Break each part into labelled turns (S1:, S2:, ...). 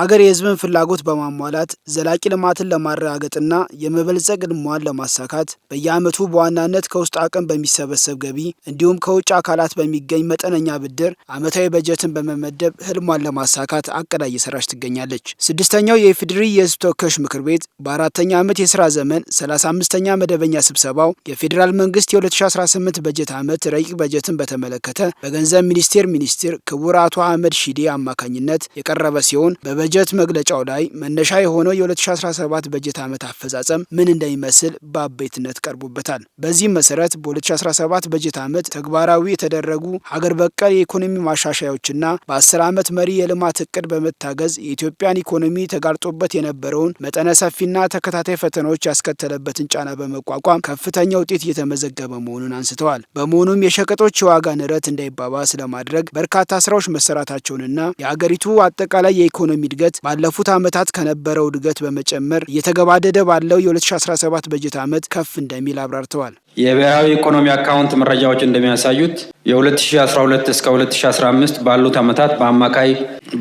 S1: ሀገር የህዝብን ፍላጎት በማሟላት ዘላቂ ልማትን ለማረጋገጥና የመበልጸግ ልሟን ለማሳካት በየዓመቱ በዋናነት ከውስጥ አቅም በሚሰበሰብ ገቢ እንዲሁም ከውጭ አካላት በሚገኝ መጠነኛ ብድር ዓመታዊ በጀትን በመመደብ ህልሟን ለማሳካት አቅዳ እየሰራች ትገኛለች። ስድስተኛው የኢፌዴሪ የህዝብ ተወካዮች ምክር ቤት በአራተኛ ዓመት የስራ ዘመን 35ኛ መደበኛ ስብሰባው የፌዴራል መንግስት የ2018 በጀት ዓመት ረቂቅ በጀትን በተመለከተ በገንዘብ ሚኒስቴር ሚኒስትር ክቡር አቶ አህመድ ሺዴ አማካኝነት የቀረበ ሲሆን በበ በጀት መግለጫው ላይ መነሻ የሆነው የ2017 በጀት ዓመት አፈጻጸም ምን እንደሚመስል በአበይትነት ቀርቦበታል። በዚህም መሰረት በ2017 በጀት ዓመት ተግባራዊ የተደረጉ ሀገር በቀል የኢኮኖሚ ማሻሻያዎችና በ10 ዓመት መሪ የልማት እቅድ በመታገዝ የኢትዮጵያን ኢኮኖሚ ተጋርጦበት የነበረውን መጠነ ሰፊና ተከታታይ ፈተናዎች ያስከተለበትን ጫና በመቋቋም ከፍተኛ ውጤት እየተመዘገበ መሆኑን አንስተዋል። በመሆኑም የሸቀጦች የዋጋ ንረት እንዳይባባስ ለማድረግ በርካታ ስራዎች መሰራታቸውንና የአገሪቱ አጠቃላይ የኢኮኖሚ እድገት ባለፉት ዓመታት ከነበረው እድገት በመጨመር እየተገባደደ ባለው የ2017 በጀት ዓመት ከፍ እንደሚል አብራርተዋል።
S2: የብሔራዊ ኢኮኖሚ አካውንት መረጃዎች እንደሚያሳዩት የ2012 እስከ 2015 ባሉት ዓመታት በአማካይ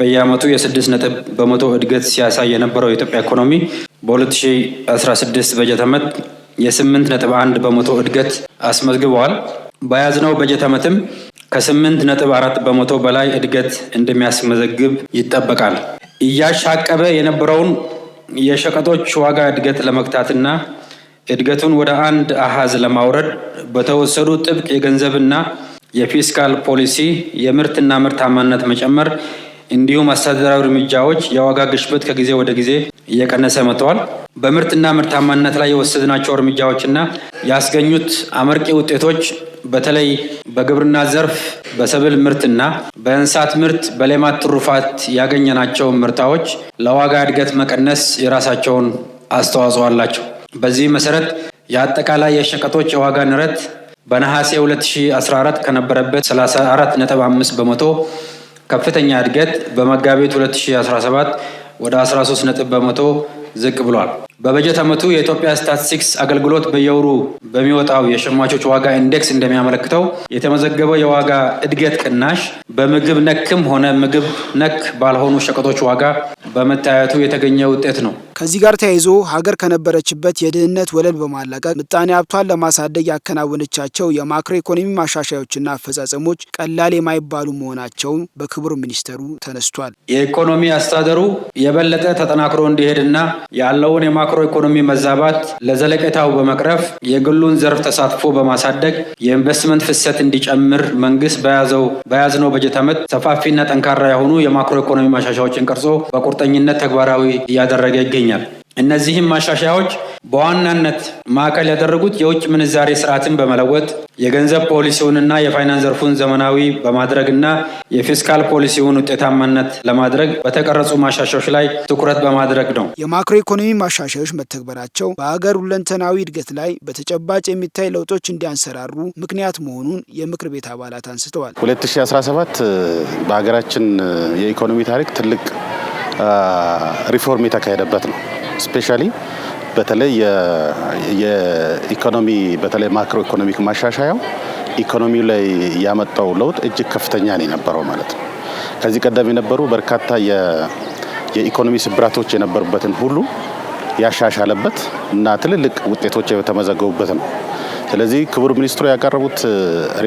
S2: በየዓመቱ የ6 ነጥብ በመቶ እድገት ሲያሳይ የነበረው የኢትዮጵያ ኢኮኖሚ በ2016 በጀት ዓመት የ8 ነጥብ 1 በመቶ እድገት አስመዝግበዋል። በያዝነው በጀት ዓመትም ከስምንት ነጥብ አራት በመቶ በላይ እድገት እንደሚያስመዘግብ ይጠበቃል። እያሻቀበ የነበረውን የሸቀጦች ዋጋ እድገት ለመግታትና እድገቱን ወደ አንድ አሃዝ ለማውረድ በተወሰዱ ጥብቅ የገንዘብና የፊስካል ፖሊሲ፣ የምርትና ምርታማነት መጨመር እንዲሁም አስተዳደራዊ እርምጃዎች የዋጋ ግሽበት ከጊዜ ወደ ጊዜ እየቀነሰ መጥተዋል። በምርትና ምርታማነት ላይ የወሰድናቸው እርምጃዎችና ያስገኙት አመርቂ ውጤቶች በተለይ በግብርና ዘርፍ በሰብል ምርትና በእንስሳት ምርት በሌማት ትሩፋት ያገኘናቸው ምርታዎች ለዋጋ እድገት መቀነስ የራሳቸውን አስተዋጽኦ አላቸው። በዚህ መሰረት የአጠቃላይ የሸቀጦች የዋጋ ንረት በነሐሴ 2014 ከነበረበት 34ነ5 በመቶ ከፍተኛ እድገት በመጋቢት 2017 ወደ 13 ነጥብ በመቶ ዝቅ ብሏል። በበጀት ዓመቱ የኢትዮጵያ ስታትስቲክስ አገልግሎት በየወሩ በሚወጣው የሸማቾች ዋጋ ኢንዴክስ እንደሚያመለክተው የተመዘገበው የዋጋ እድገት ቅናሽ በምግብ ነክም ሆነ ምግብ ነክ ባልሆኑ ሸቀጦች ዋጋ በመታየቱ የተገኘ ውጤት ነው።
S1: ከዚህ ጋር ተያይዞ ሀገር ከነበረችበት የድህነት ወለል በማላቀቅ ምጣኔ ሀብቷን ለማሳደግ ያከናወነቻቸው የማክሮ ኢኮኖሚ ማሻሻያዎችና አፈጻጸሞች ቀላል የማይባሉ መሆናቸውም በክቡር ሚኒስተሩ ተነስቷል።
S2: የኢኮኖሚ አስተዳደሩ የበለጠ ተጠናክሮ እንዲሄድና ያለውን የማ የማክሮ ኢኮኖሚ መዛባት ለዘለቀታው በመቅረፍ የግሉን ዘርፍ ተሳትፎ በማሳደግ የኢንቨስትመንት ፍሰት እንዲጨምር መንግስት በያዘው በያዝነው በጀት ዓመት ሰፋፊና ጠንካራ የሆኑ የማክሮ ኢኮኖሚ ማሻሻዎችን ቀርጾ በቁርጠኝነት ተግባራዊ እያደረገ ይገኛል። እነዚህም ማሻሻያዎች በዋናነት ማዕከል ያደረጉት የውጭ ምንዛሬ ስርዓትን በመለወጥ የገንዘብ ፖሊሲውንና የፋይናንስ ዘርፉን ዘመናዊ በማድረግና የፊስካል ፖሊሲውን ውጤታማነት ለማድረግ በተቀረጹ ማሻሻዎች ላይ ትኩረት በማድረግ ነው።
S1: የማክሮ ኢኮኖሚ ማሻሻያዎች መተግበራቸው በሀገር ሁለንተናዊ እድገት ላይ በተጨባጭ የሚታይ ለውጦች እንዲያንሰራሩ ምክንያት መሆኑን የምክር ቤት አባላት አንስተዋል።
S3: 2017 በሀገራችን የኢኮኖሚ ታሪክ ትልቅ ሪፎርም የተካሄደበት ነው። ስፔሻሊ በተለይ የኢኮኖሚ በተለይ ማክሮ ኢኮኖሚክ ማሻሻያው ኢኮኖሚው ላይ ያመጣው ለውጥ እጅግ ከፍተኛ ነው የነበረው ማለት ነው። ከዚህ ቀደም የነበሩ በርካታ የኢኮኖሚ ስብራቶች የነበሩበትን ሁሉ ያሻሻለበት እና ትልልቅ ውጤቶች የተመዘገቡበት ነው። ስለዚህ ክቡር ሚኒስትሩ ያቀረቡት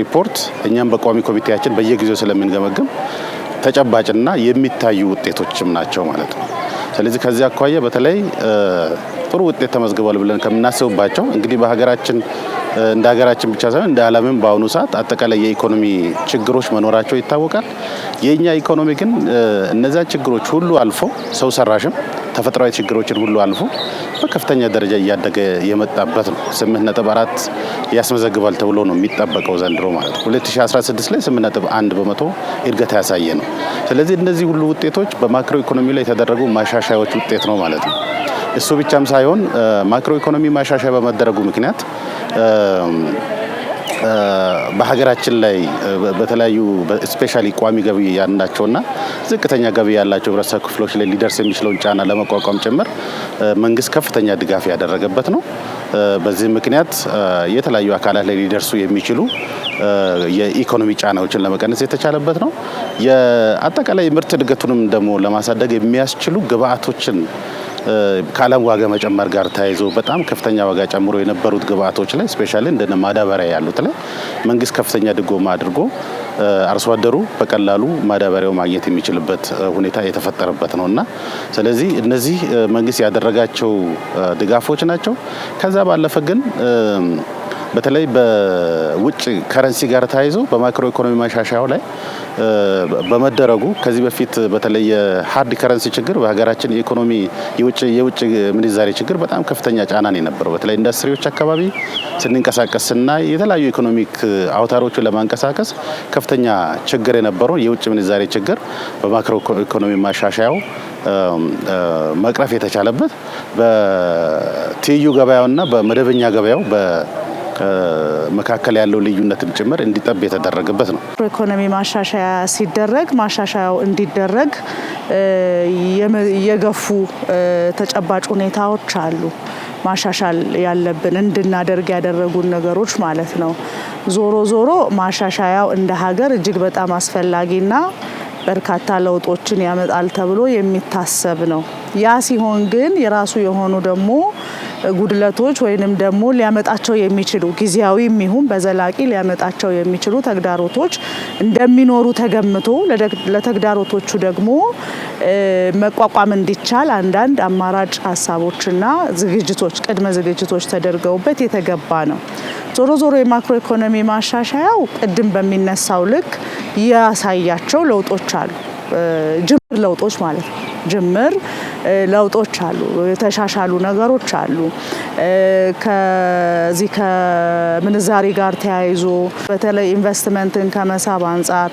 S3: ሪፖርት እኛም በቋሚ ኮሚቴያችን በየጊዜው ስለምንገመግም ተጨባጭና የሚታዩ ውጤቶችም ናቸው ማለት ነው። ስለዚህ ከዚህ አኳያ በተለይ ጥሩ ውጤት ተመዝግቧል ብለን ከምናስብባቸው እንግዲህ በሀገራችን እንደ ሀገራችን ብቻ ሳይሆን እንደ ዓለምም በአሁኑ ሰዓት አጠቃላይ የኢኮኖሚ ችግሮች መኖራቸው ይታወቃል። የእኛ ኢኮኖሚ ግን እነዚያ ችግሮች ሁሉ አልፎ ሰው ሰራሽም ተፈጥሯዊ ችግሮችን ሁሉ አልፎ በከፍተኛ ደረጃ እያደገ የመጣበት ነው። ስምንት ነጥብ አራት ያስመዘግባል ተብሎ ነው የሚጠበቀው ዘንድሮ ማለት ነው። 2016 ላይ ስምንት ነጥብ አንድ በመቶ እድገት ያሳየ ነው። ስለዚህ እነዚህ ሁሉ ውጤቶች በማክሮ ኢኮኖሚ ላይ የተደረጉ ማሻሻያዎች ውጤት ነው ማለት ነው። እሱ ብቻም ሳይሆን ማክሮ ኢኮኖሚ ማሻሻያ በመደረጉ ምክንያት በሀገራችን ላይ በተለያዩ ስፔሻሊ ቋሚ ገቢ ያላቸውና ዝቅተኛ ገቢ ያላቸው ህብረተሰብ ክፍሎች ላይ ሊደርስ የሚችለውን ጫና ለመቋቋም ጭምር መንግስት ከፍተኛ ድጋፍ ያደረገበት ነው። በዚህ ምክንያት የተለያዩ አካላት ላይ ሊደርሱ የሚችሉ የኢኮኖሚ ጫናዎችን ለመቀነስ የተቻለበት ነው። የአጠቃላይ ምርት እድገቱንም ደግሞ ለማሳደግ የሚያስችሉ ግብአቶችን ከዓለም ዋጋ መጨመር ጋር ተያይዞ በጣም ከፍተኛ ዋጋ ጨምሮ የነበሩት ግብአቶች ላይ ስፔሻሊ እንደነ ማዳበሪያ ያሉት ላይ መንግስት ከፍተኛ ድጎማ አድርጎ አርሶ አደሩ በቀላሉ ማዳበሪያው ማግኘት የሚችልበት ሁኔታ የተፈጠረበት ነው እና ስለዚህ እነዚህ መንግስት ያደረጋቸው ድጋፎች ናቸው። ከዛ ባለፈ ግን በተለይ በውጭ ከረንሲ ጋር ተያይዞ በማክሮ ኢኮኖሚ ማሻሻያው ላይ በመደረጉ ከዚህ በፊት በተለይ የሀርድ ከረንሲ ችግር በሀገራችን የኢኮኖሚ የውጭ ምንዛሬ ችግር በጣም ከፍተኛ ጫና ነው የነበረው። በተለይ ኢንዱስትሪዎች አካባቢ ስንንቀሳቀስ እና የተለያዩ ኢኮኖሚክ አውታሮቹን ለማንቀሳቀስ ከፍተኛ ችግር የነበረው የውጭ ምንዛሬ ችግር በማክሮ ኢኮኖሚ ማሻሻያው መቅረፍ የተቻለበት በትይዩ ገበያውና በመደበኛ ገበያው መካከል ያለው ልዩነትም ጭምር እንዲጠብ የተደረገበት ነው።
S4: ኢኮኖሚ ማሻሻያ ሲደረግ ማሻሻያው እንዲደረግ የገፉ ተጨባጭ ሁኔታዎች አሉ። ማሻሻል ያለብን እንድናደርግ ያደረጉን ነገሮች ማለት ነው። ዞሮ ዞሮ ማሻሻያው እንደ ሀገር እጅግ በጣም አስፈላጊና በርካታ ለውጦችን ያመጣል ተብሎ የሚታሰብ ነው። ያ ሲሆን ግን የራሱ የሆኑ ደግሞ ጉድለቶች ወይንም ደግሞ ሊያመጣቸው የሚችሉ ጊዜያዊ ይሁን በዘላቂ ሊያመጣቸው የሚችሉ ተግዳሮቶች እንደሚኖሩ ተገምቶ ለተግዳሮቶቹ ደግሞ መቋቋም እንዲቻል አንዳንድ አማራጭ ሀሳቦችና ዝግጅቶች ቅድመ ዝግጅቶች ተደርገውበት የተገባ ነው። ዞሮ ዞሮ የማክሮ ኢኮኖሚ ማሻሻያው ቅድም በሚነሳው ልክ ያሳያቸው ለውጦች አሉ። ጅምር ለውጦች ማለት ነው። ጅምር ለውጦች አሉ፣ የተሻሻሉ ነገሮች አሉ። ከዚህ ከምንዛሪ ጋር ተያይዞ በተለይ ኢንቨስትመንትን ከመሳብ አንጻር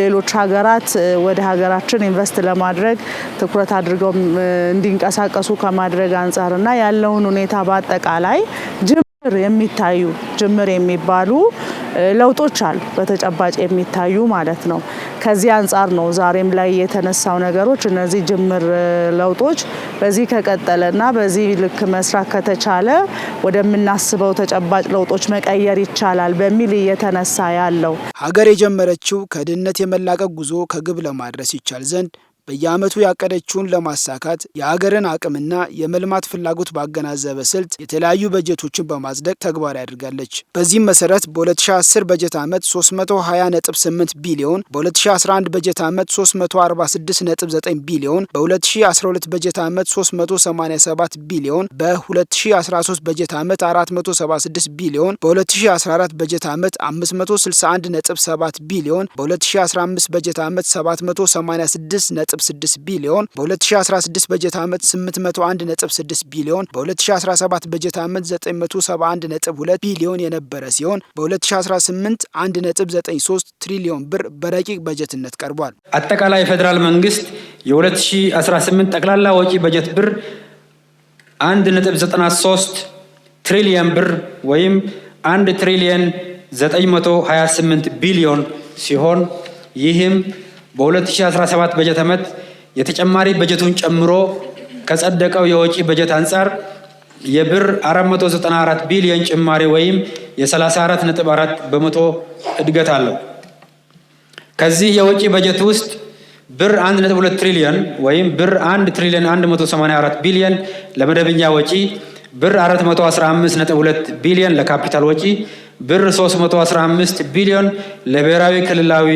S4: ሌሎች ሀገራት ወደ ሀገራችን ኢንቨስት ለማድረግ ትኩረት አድርገው እንዲንቀሳቀሱ ከማድረግ አንጻር እና ያለውን ሁኔታ በአጠቃላይ የሚታዩ ጅምር የሚባሉ ለውጦች አሉ፣ በተጨባጭ የሚታዩ ማለት ነው። ከዚህ አንጻር ነው ዛሬም ላይ የተነሳው ነገሮች እነዚህ ጅምር ለውጦች በዚህ ከቀጠለ እና በዚህ ልክ መስራት ከተቻለ ወደምናስበው ተጨባጭ ለውጦች መቀየር ይቻላል በሚል እየተነሳ ያለው
S1: ሀገር የጀመረችው ከድህነት የመላቀቅ ጉዞ ከግብ ለማድረስ ይቻል ዘንድ በየዓመቱ ያቀደችውን ለማሳካት የሀገርን አቅምና የመልማት ፍላጎት ባገናዘበ ስልት የተለያዩ በጀቶችን በማጽደቅ ተግባራዊ አድርጋለች። በዚህም መሰረት በ2010 በጀት ዓመት 328 ቢሊዮን፣ በ2011 በጀት ዓመት 346.9 ቢሊዮን፣ በ2012 በጀት ዓመት 387 ቢሊዮን፣ በ2013 በጀት ዓመት 476 ቢሊዮን፣ በ2014 በጀት ዓመት 561.7 ቢሊዮን፣ በ2015 በጀት ዓመት 786 8.6 ቢሊዮን፣ በ2016 በጀት ዓመት 801.6 ቢሊዮን፣ በ2017 በጀት ዓመት 971.2 ቢሊዮን የነበረ ሲሆን በ2018 1.93 ትሪሊዮን ብር በረቂቅ በጀትነት ቀርቧል።
S2: አጠቃላይ የፌዴራል መንግስት የ2018 ጠቅላላ ወጪ በጀት ብር 1.93 ትሪሊየን ብር ወይም 1 ትሪሊየን 928 ቢሊዮን ሲሆን ይህም በ2017 በጀት ዓመት የተጨማሪ በጀቱን ጨምሮ ከጸደቀው የወጪ በጀት አንጻር የብር 494 ቢሊዮን ጭማሪ ወይም የ34.4 በመቶ እድገት አለው። ከዚህ የወጪ በጀት ውስጥ ብር 1.2 ትሪሊዮን ወይም ብር 1 ትሪሊዮን 184 ቢሊዮን ለመደበኛ ወጪ፣ ብር 415.2 ቢሊዮን ለካፒታል ወጪ፣ ብር 315 ቢሊዮን ለብሔራዊ ክልላዊ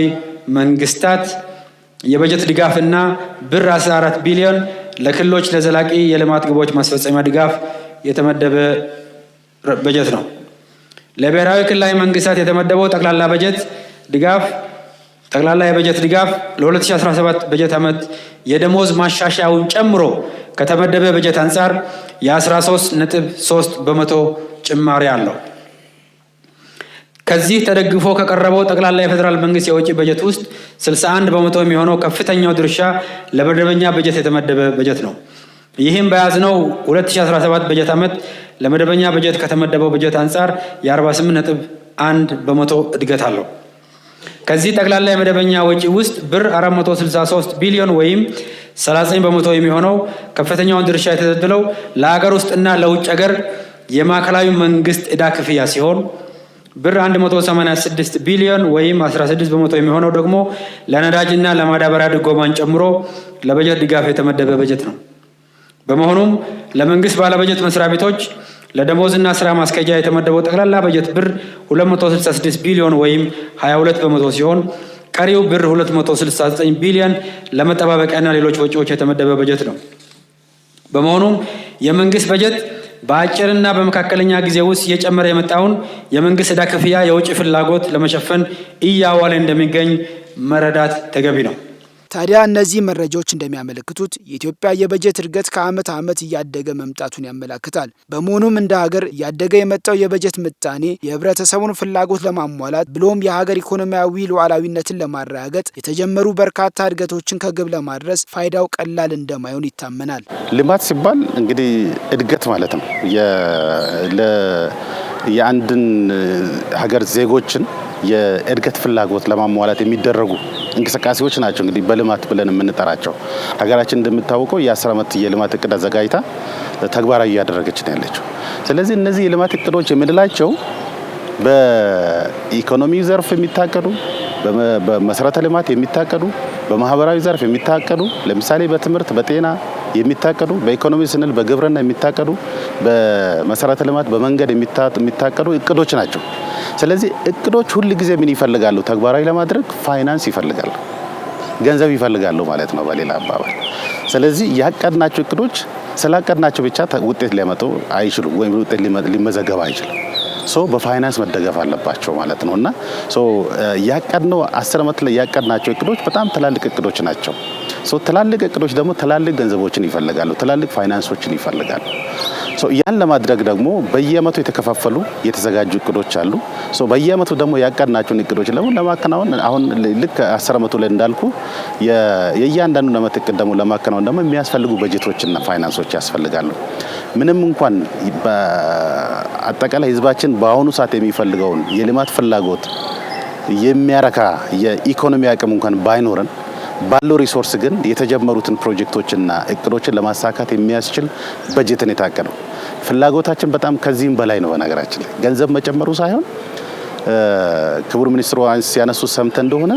S2: መንግስታት የበጀት እና ብር 14 ቢሊዮን ለክልሎች ለዘላቂ የልማት ግቦች ማስፈጸሚያ ድጋፍ የተመደበ በጀት ነው። ለብሔራዊ ክልላዊ መንግስታት የተመደበው ጠቅላላ በጀት ድጋፍ ጠቅላላ የበጀት ድጋፍ ለ2017 በጀት ዓመት የደሞዝ ማሻሻያውን ጨምሮ ከተመደበ በጀት አንጻር የ13 በመቶ ጭማሪ አለው። ከዚህ ተደግፎ ከቀረበው ጠቅላላ የፌዴራል መንግስት የወጪ በጀት ውስጥ 61 በመቶ የሚሆነው ከፍተኛው ድርሻ ለመደበኛ በጀት የተመደበ በጀት ነው። ይህም በያዝነው 2017 በጀት ዓመት ለመደበኛ በጀት ከተመደበው በጀት አንጻር የ48.1 በመቶ እድገት አለው። ከዚህ ጠቅላላ የመደበኛ ወጪ ውስጥ ብር 463 ቢሊዮን ወይም 39 በመቶ የሚሆነው ከፍተኛውን ድርሻ የተዘድለው ለሀገር ውስጥና ለውጭ ሀገር የማዕከላዊ መንግስት ዕዳ ክፍያ ሲሆን ብር 186 ቢሊዮን ወይም 16 በመቶ የሚሆነው ደግሞ ለነዳጅና ለማዳበሪያ ድጎማን ጨምሮ ለበጀት ድጋፍ የተመደበ በጀት ነው። በመሆኑም ለመንግስት ባለበጀት መስሪያ ቤቶች ለደሞዝና ስራ ማስኬጃ የተመደበው ጠቅላላ በጀት ብር 266 ቢሊዮን ወይም 22 በመቶ ሲሆን ቀሪው ብር 269 ቢሊዮን ለመጠባበቂያና ሌሎች ወጪዎች የተመደበ በጀት ነው። በመሆኑም የመንግስት በጀት በአጭርና በመካከለኛ ጊዜ ውስጥ እየጨመረ የመጣውን የመንግስት ዕዳ ክፍያ የውጭ ፍላጎት ለመሸፈን እያዋለ እንደሚገኝ መረዳት ተገቢ ነው።
S1: ታዲያ እነዚህ መረጃዎች እንደሚያመለክቱት የኢትዮጵያ የበጀት እድገት ከዓመት ዓመት እያደገ መምጣቱን ያመላክታል። በመሆኑም እንደ ሀገር እያደገ የመጣው የበጀት ምጣኔ የህብረተሰቡን ፍላጎት ለማሟላት ብሎም የሀገር ኢኮኖሚያዊ ሉዓላዊነትን ለማረጋገጥ የተጀመሩ በርካታ እድገቶችን ከግብ ለማድረስ ፋይዳው ቀላል እንደማይሆን ይታመናል።
S3: ልማት ሲባል እንግዲህ እድገት ማለት ነው። የአንድን ሀገር ዜጎችን የእድገት ፍላጎት ለማሟላት የሚደረጉ እንቅስቃሴዎች ናቸው እንግዲህ በልማት ብለን የምንጠራቸው። ሀገራችን እንደምታወቀው የአስር ዓመት የልማት እቅድ አዘጋጅታ ተግባራዊ እያደረገች ነው ያለችው። ስለዚህ እነዚህ የልማት እቅዶች የምንላቸው በኢኮኖሚ ዘርፍ የሚታቀዱ በመሰረተ ልማት የሚታቀዱ በማህበራዊ ዘርፍ የሚታቀዱ ለምሳሌ በትምህርት፣ በጤና የሚታቀዱ በኢኮኖሚ ስንል በግብርና የሚታቀዱ በመሰረተ ልማት፣ በመንገድ የሚታቀዱ እቅዶች ናቸው። ስለዚህ እቅዶች ሁል ጊዜ ምን ይፈልጋሉ? ተግባራዊ ለማድረግ ፋይናንስ ይፈልጋሉ፣ ገንዘብ ይፈልጋሉ ማለት ነው በሌላ አባባል። ስለዚህ ያቀድናቸው እቅዶች ስላቀድናቸው ብቻ ውጤት ሊያመጡ አይችሉም፣ ወይም ውጤት ሊመዘገብ አይችልም። ሶ በፋይናንስ መደገፍ አለባቸው ማለት ነው እና ሶ ያቀድነው አስር ዓመት ላይ ያቀድናቸው እቅዶች በጣም ትላልቅ እቅዶች ናቸው። ሶ ትላልቅ እቅዶች ደግሞ ትላልቅ ገንዘቦችን ይፈልጋሉ፣ ትላልቅ ፋይናንሶችን ይፈልጋሉ። ያን ለማድረግ ደግሞ በየአመቱ የተከፋፈሉ የተዘጋጁ እቅዶች አሉ። በየአመቱ ደግሞ ያቀድናቸውን እቅዶች ደግሞ ለማከናወን አሁን ልክ አስር አመቱ ላይ እንዳልኩ የእያንዳንዱ ዓመት እቅድ ደግሞ ለማከናወን ደግሞ የሚያስፈልጉ በጀቶችና ፋይናንሶች ያስፈልጋሉ። ምንም እንኳን አጠቃላይ ህዝባችን በአሁኑ ሰዓት የሚፈልገውን የልማት ፍላጎት የሚያረካ የኢኮኖሚ አቅም እንኳን ባይኖረን ባለው ሪሶርስ ግን የተጀመሩትን ፕሮጀክቶችና እቅዶችን ለማሳካት የሚያስችል በጀትን ነው። ፍላጎታችን በጣም ከዚህም በላይ ነው። በነገራችን ላይ ገንዘብ መጨመሩ ሳይሆን ክቡር ሚኒስትሩ ያነሱት ሰምተ እንደሆነ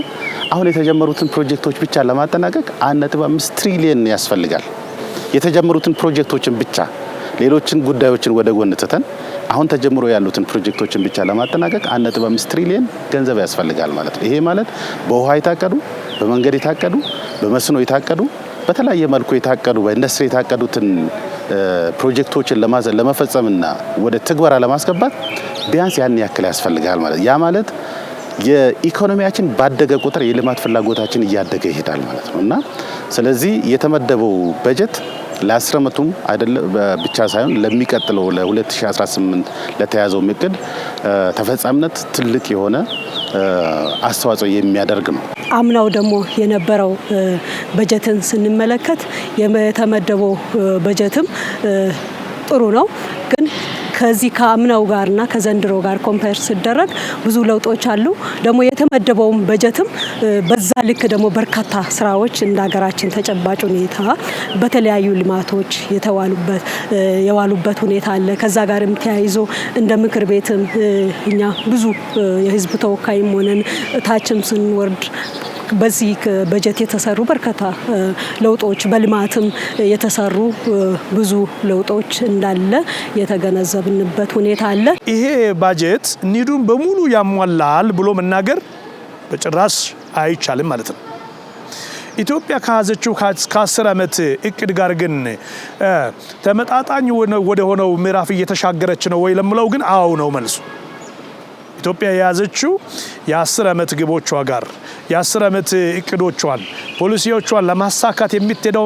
S3: አሁን የተጀመሩትን ፕሮጀክቶች ብቻ ለማጠናቀቅ አንድ ነጥብ አምስት ትሪሊየን ያስፈልጋል። የተጀመሩትን ፕሮጀክቶችን ብቻ ሌሎችን ጉዳዮችን ወደ ጎን ትተን አሁን ተጀምሮ ያሉትን ፕሮጀክቶችን ብቻ ለማጠናቀቅ አንድ ነጥብ አምስት ትሪሊየን ገንዘብ ያስፈልጋል ማለት ነው። ይሄ ማለት በውሃ የታቀዱ በመንገድ የታቀዱ በመስኖ የታቀዱ በተለያየ መልኩ የታቀዱ በኢንዱስትሪ የታቀዱትን ፕሮጀክቶችን ለመፈጸምና ወደ ትግበራ ለማስገባት ቢያንስ ያን ያክል ያስፈልጋል ማለት ያ ማለት የኢኮኖሚያችን ባደገ ቁጥር የልማት ፍላጎታችን እያደገ ይሄዳል ማለት ነው እና ስለዚህ የተመደበው በጀት ለአስር ዓመቱም አይደለም ብቻ ሳይሆን ለሚቀጥለው ለ2018 ለተያዘው እቅድ ተፈጻሚነት ትልቅ የሆነ አስተዋጽኦ የሚያደርግ ነው።
S4: አምናው ደግሞ የነበረው በጀትን ስንመለከት የተመደበው በጀትም ጥሩ ነው ግን ከዚህ ከአምናው ጋርና ከዘንድሮ ጋር ኮምፔር ሲደረግ ብዙ ለውጦች አሉ። ደግሞ የተመደበውን በጀትም በዛ ልክ ደግሞ በርካታ ስራዎች እንደ ሀገራችን ተጨባጭ ሁኔታ በተለያዩ ልማቶች የተዋሉበት የዋሉበት ሁኔታ አለ። ከዛ ጋርም ተያይዞ እንደ ምክር ቤትም እኛ ብዙ የህዝብ ተወካይም ሆነን ታችም ስንወርድ በዚህ በጀት የተሰሩ በርካታ ለውጦች በልማትም የተሰሩ ብዙ ለውጦች እንዳለ የተገነዘብንበት ሁኔታ አለ።
S1: ይሄ ባጀት ኒዱን በሙሉ ያሟላል ብሎ መናገር በጭራሽ አይቻልም ማለት ነው። ኢትዮጵያ ከያዘችው ከአስር ዓመት እቅድ ጋር ግን ተመጣጣኝ ወደ ሆነው ምዕራፍ እየተሻገረች ነው ወይ ለምለው ግን አዎ ነው መልሱ። ኢትዮጵያ የያዘችው የአስር ዓመት ግቦቿ ጋር የአስር ዓመት እቅዶቿን ፖሊሲዎቿን ለማሳካት የምትሄደው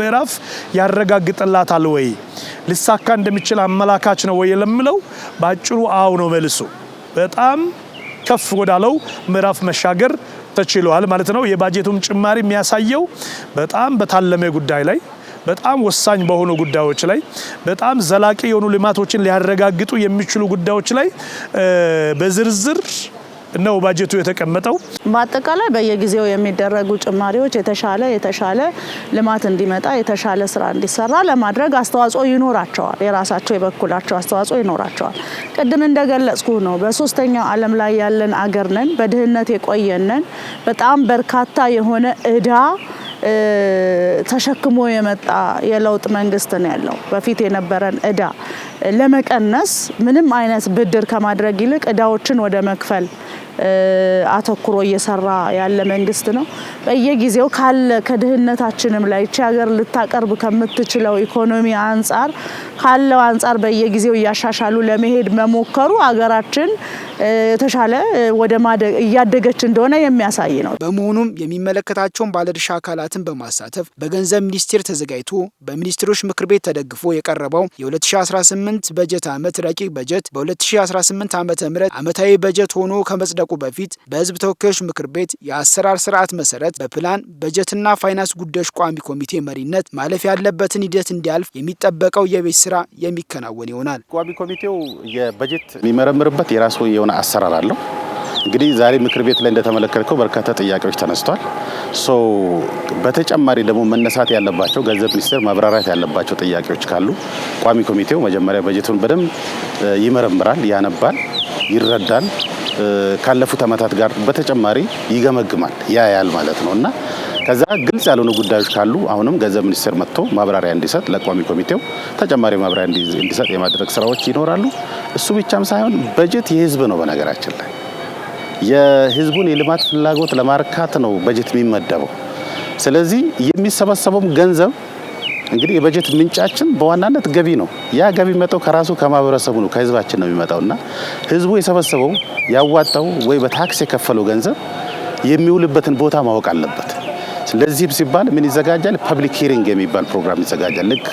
S1: ምዕራፍ ያረጋግጥላታል ወይ ሊሳካ እንደሚችል አመላካች ነው ወይ ለምለው በአጭሩ አው ነው መልሱ። በጣም ከፍ ወዳለው ምዕራፍ መሻገር ተችሏል ማለት ነው። የባጀቱም ጭማሪ የሚያሳየው በጣም በታለመ ጉዳይ ላይ በጣም ወሳኝ በሆኑ ጉዳዮች ላይ በጣም ዘላቂ የሆኑ ልማቶችን ሊያረጋግጡ የሚችሉ ጉዳዮች ላይ በዝርዝር ነው ባጀቱ የተቀመጠው።
S4: በአጠቃላይ በየጊዜው የሚደረጉ ጭማሪዎች የተሻለ የተሻለ ልማት እንዲመጣ የተሻለ ስራ እንዲሰራ ለማድረግ አስተዋጽኦ ይኖራቸዋል። የራሳቸው የበኩላቸው አስተዋጽኦ ይኖራቸዋል። ቅድም እንደገለጽኩ ነው በሶስተኛው ዓለም ላይ ያለን አገር ነን። በድህነት የቆየነን በጣም በርካታ የሆነ እዳ ተሸክሞ የመጣ የለውጥ መንግስት ነው ያለው። በፊት የነበረን እዳ ለመቀነስ ምንም አይነት ብድር ከማድረግ ይልቅ እዳዎችን ወደ መክፈል አተኩሮ እየሰራ ያለ መንግስት ነው። በየጊዜው ካለ ከድህነታችንም ላይ እቺ ሀገር ልታቀርብ ከምትችለው ኢኮኖሚ አንጻር ካለው አንጻር በየጊዜው እያሻሻሉ ለመሄድ መሞከሩ ሀገራችን የተሻለ ወደ እያደገች እንደሆነ የሚያሳይ ነው።
S1: በመሆኑም የሚመለከታቸውን ባለድርሻ አካላትን በማሳተፍ በገንዘብ ሚኒስቴር ተዘጋጅቶ በሚኒስትሮች ምክር ቤት ተደግፎ የቀረበው የ2018 በጀት ዓመት ረቂቅ በጀት በ2018 ዓ ም ዓመታዊ በጀት ሆኖ ከመጽደ ከመጽደቁ በፊት በህዝብ ተወካዮች ምክር ቤት የአሰራር ስርዓት መሰረት በፕላን በጀትና ፋይናንስ ጉዳዮች ቋሚ ኮሚቴ መሪነት ማለፍ ያለበትን ሂደት እንዲያልፍ የሚጠበቀው የቤት ስራ የሚከናወን ይሆናል።
S3: ቋሚ ኮሚቴው የበጀት የሚመረምርበት የራሱ የሆነ አሰራር አለው። እንግዲህ ዛሬ ምክር ቤት ላይ እንደተመለከትከው በርካታ ጥያቄዎች ተነስቷል። በተጨማሪ ደግሞ መነሳት ያለባቸው ገንዘብ ሚኒስቴር ማብራራት ያለባቸው ጥያቄዎች ካሉ ቋሚ ኮሚቴው መጀመሪያ በጀቱን በደንብ ይመረምራል፣ ያነባል፣ ይረዳል፣ ካለፉት ዓመታት ጋር በተጨማሪ ይገመግማል፣ ያያል ማለት ነው እና ከዛ ግልጽ ያልሆኑ ጉዳዮች ካሉ አሁንም ገንዘብ ሚኒስቴር መጥቶ ማብራሪያ እንዲሰጥ ለቋሚ ኮሚቴው ተጨማሪ ማብራሪያ እንዲሰጥ የማድረግ ስራዎች ይኖራሉ። እሱ ብቻም ሳይሆን በጀት የህዝብ ነው በነገራችን ላይ የህዝቡን የልማት ፍላጎት ለማርካት ነው በጀት የሚመደበው። ስለዚህ የሚሰበሰበውም ገንዘብ እንግዲህ የበጀት ምንጫችን በዋናነት ገቢ ነው። ያ ገቢ የሚመጣው ከራሱ ከማህበረሰቡ ነው፣ ከህዝባችን ነው የሚመጣው እና ህዝቡ የሰበሰበው ያዋጣው ወይ በታክስ የከፈለው ገንዘብ የሚውልበትን ቦታ ማወቅ አለበት። ለዚህም ሲባል ምን ይዘጋጃል? ፐብሊክ ሂሪንግ የሚባል ፕሮግራም ይዘጋጃል። ልክ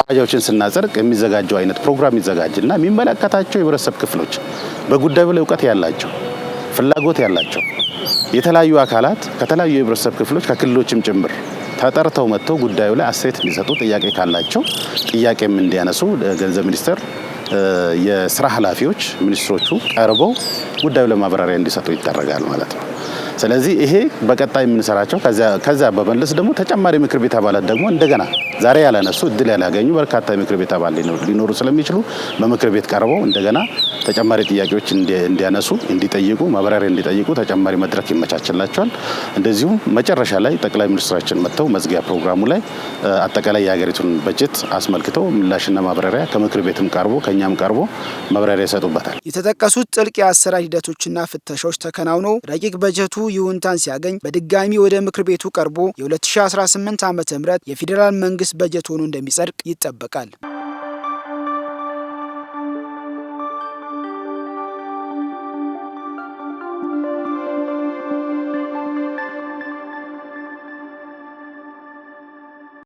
S3: አዋጃዎችን ስናጸድቅ የሚዘጋጀው አይነት ፕሮግራም ይዘጋጅና የሚመለከታቸው የህብረተሰብ ክፍሎች በጉዳዩ ላይ እውቀት ያላቸው ፍላጎት ያላቸው የተለያዩ አካላት ከተለያዩ የህብረተሰብ ክፍሎች ከክልሎችም ጭምር ተጠርተው መጥተው ጉዳዩ ላይ አስተያየት እንዲሰጡ ጥያቄ ካላቸው ጥያቄም እንዲያነሱ ገንዘብ ሚኒስቴር የስራ ኃላፊዎች ሚኒስትሮቹ ቀርበው ጉዳዩ ለማብራሪያ እንዲሰጡ ይደረጋል ማለት ነው። ስለዚህ ይሄ በቀጣይ የምንሰራቸው ከዚያ በመለስ ደግሞ ተጨማሪ ምክር ቤት አባላት ደግሞ እንደገና ዛሬ ያላነሱ እድል ያላገኙ በርካታ ምክር ቤት አባል ሊኖሩ ስለሚችሉ በምክር ቤት ቀርበው እንደገና ተጨማሪ ጥያቄዎች እንዲያነሱ፣ እንዲጠይቁ፣ ማብራሪያ እንዲጠይቁ ተጨማሪ መድረክ ይመቻችላቸዋል። እንደዚሁም መጨረሻ ላይ ጠቅላይ ሚኒስትራችን መጥተው መዝጊያ ፕሮግራሙ ላይ አጠቃላይ የሀገሪቱን በጀት አስመልክተው ምላሽና ማብራሪያ ከምክር ቤትም ቀርቦ ከእኛም ቀርቦ ማብራሪያ ይሰጡበታል።
S1: የተጠቀሱት ጥልቅ የአሰራር ሂደቶችና ፍተሻዎች ተከናውነው ረቂቅ በጀቱ ይሁንታን ሲያገኝ በድጋሚ ወደ ምክር ቤቱ ቀርቦ የ2018 ዓ ም የፌዴራል መንግስት በጀት ሆኖ እንደሚጸድቅ ይጠበቃል።